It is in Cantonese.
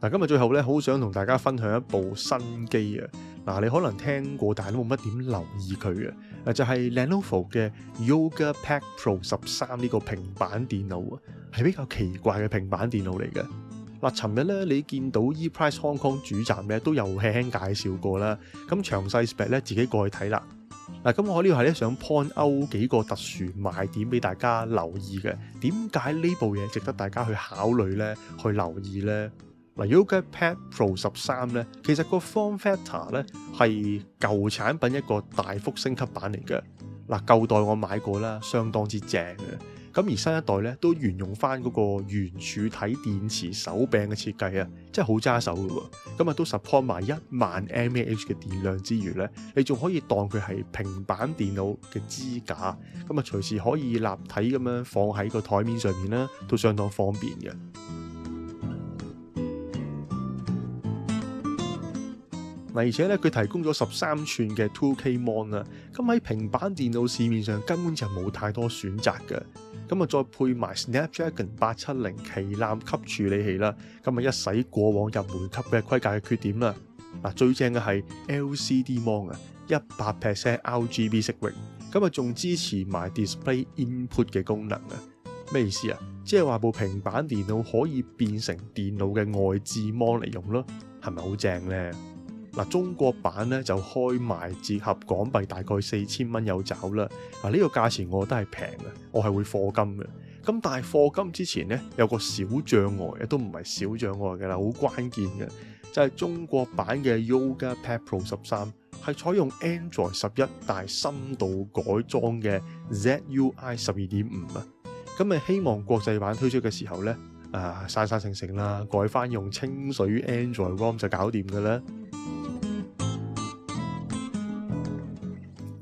嗱，今日最後咧，好想同大家分享一部新機啊。嗱，你可能聽過，但係都冇乜點留意佢嘅，就係 Lenovo 嘅 Yoga Pad Pro 十三呢個平板電腦啊，係比較奇怪嘅平板電腦嚟嘅。嗱，尋日咧，你見到 ePrice Hong Kong 主站咧都有輕輕介紹過啦。咁詳細 spec 咧，自己過去睇啦。嗱，咁我呢度係咧想 point out 幾個特殊賣點俾大家留意嘅。點解呢部嘢值得大家去考慮咧？去留意咧？嗱 Yoga Pad Pro 十三咧，其實個 form factor 咧係舊產品一個大幅升級版嚟嘅。嗱，舊代我買過啦，相當之正嘅。咁而新一代咧都沿用翻嗰個圓柱體電池手柄嘅設計啊，真係好揸手喎。咁啊都 support 埋一萬 mAh 嘅電量之餘咧，你仲可以當佢係平板電腦嘅支架，咁啊隨時可以立體咁樣放喺個台面上面啦，都相當方便嘅。而且咧，佢提供咗十三寸嘅 Two K Mon 啦。咁喺平板電腦市面上根本就冇太多選擇嘅。咁啊，再配埋 Snapdragon 八七零旗艦級處理器啦。咁啊，一洗過往入門級嘅規格嘅缺點啦。嗱，最正嘅係 LCD Mon 啊，一百 percent RGB 色域。咁啊，仲支持埋 Display Input 嘅功能啊。咩意思啊？即係話部平板電腦可以變成電腦嘅外置 Mon 嚟用咯，係咪好正呢？中國版咧就開賣折合港幣大概四千蚊有找啦。嗱，呢個價錢我覺得係平嘅，我係會課金嘅。咁但係課金之前呢，有個小障礙，亦都唔係小障礙嘅啦，好關鍵嘅就係中國版嘅 Yoga Pad Pro 十三係採用 Android 十一大深度改裝嘅 ZUI 十二點五啊。咁咪希望國際版推出嘅時候呢，啊，生生性性啦，改翻用清水 Android ROM 就搞掂嘅啦。